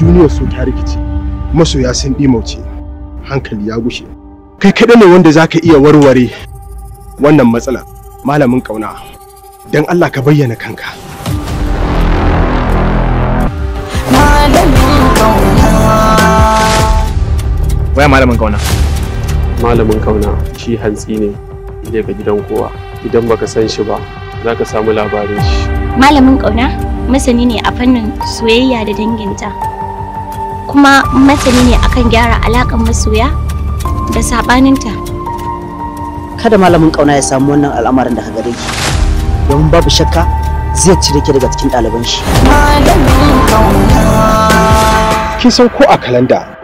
duniyar su ta rikice masoya sun ɗimauce hankali ya gushe kai kaɗai ne wanda za ka iya warware wannan matsala malamin ƙauna don allah ka bayyana kanka waya malamin ƙauna malamin ƙauna shi hantsi ne daga gidan kowa idan baka san shi ba za ka samu labarin shi malamin ƙauna masani ne a fannin soyayya da danginta kuma masani ne akan gyara alaƙar masoya da saɓaninta. Kada malamin ƙauna ya samu wannan al'amarin da gare ki, domin babu shakka zai cire ki daga cikin ɗaliban shi. Kin san ko a kalanda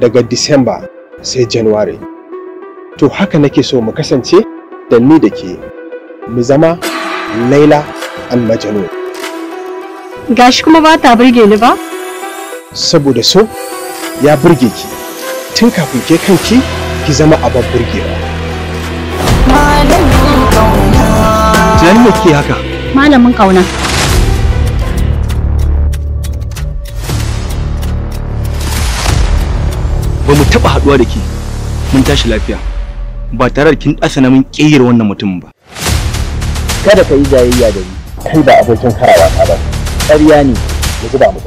daga Disamba sai january To haka nake so mu kasance da ni da ke mu zama Laila al-Majnun. Gashi kuma ba ta burge ni ba? saboda so ya burge ki tun kafin ke kanki ki zama abin burgewa. Malamin me ke haka? Malamin ƙauna. Ba mu taɓa haɗuwa da ke mun tashi lafiya ba tare da kin ɗasa na mun ƙeyar wannan mutum ba. Kada ka yi jayayya da ni, kai ba abokin karawa ta ba, ƙarya ne, da zuba mu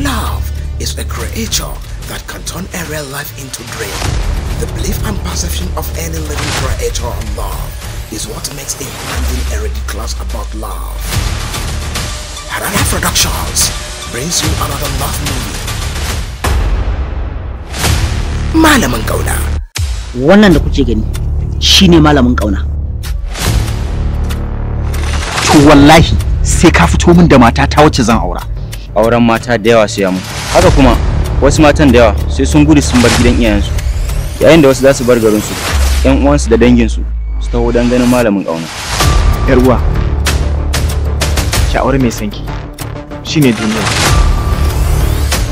Love is a creature that can turn a real life into dream. The belief and perception of any living creature on love is what makes a human being class about love. Harara Productions brings you another love movie. Malamin Kauna. Wannan da kuke gani shine Malamin Kauna. To wallahi sai ka fito min da mata ta zan aura. auren mata da yawa sai ya haka kuma wasu matan da yawa sai sun gudu sun bar gidan iyayensu yayin da wasu za su bar garinsu yan uwansu da danginsu su taho don ganin malamin ƙauna yar uwa sha'awar mai sanki shine duniya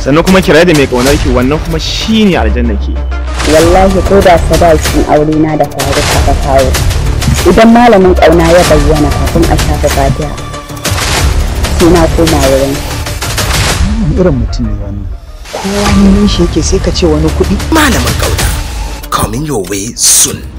sannan kuma kira da mai kaunar ki wannan kuma shine aljanna ke wallahi ko da shi aure na da faru ka kawo idan malamin ƙauna ya bayyana kafin a shafa fatiha sai na koma wurin irin mutum ne wannan kowa ne shi yake sai ka ce wani kuɗi malamin gauda coming your way soon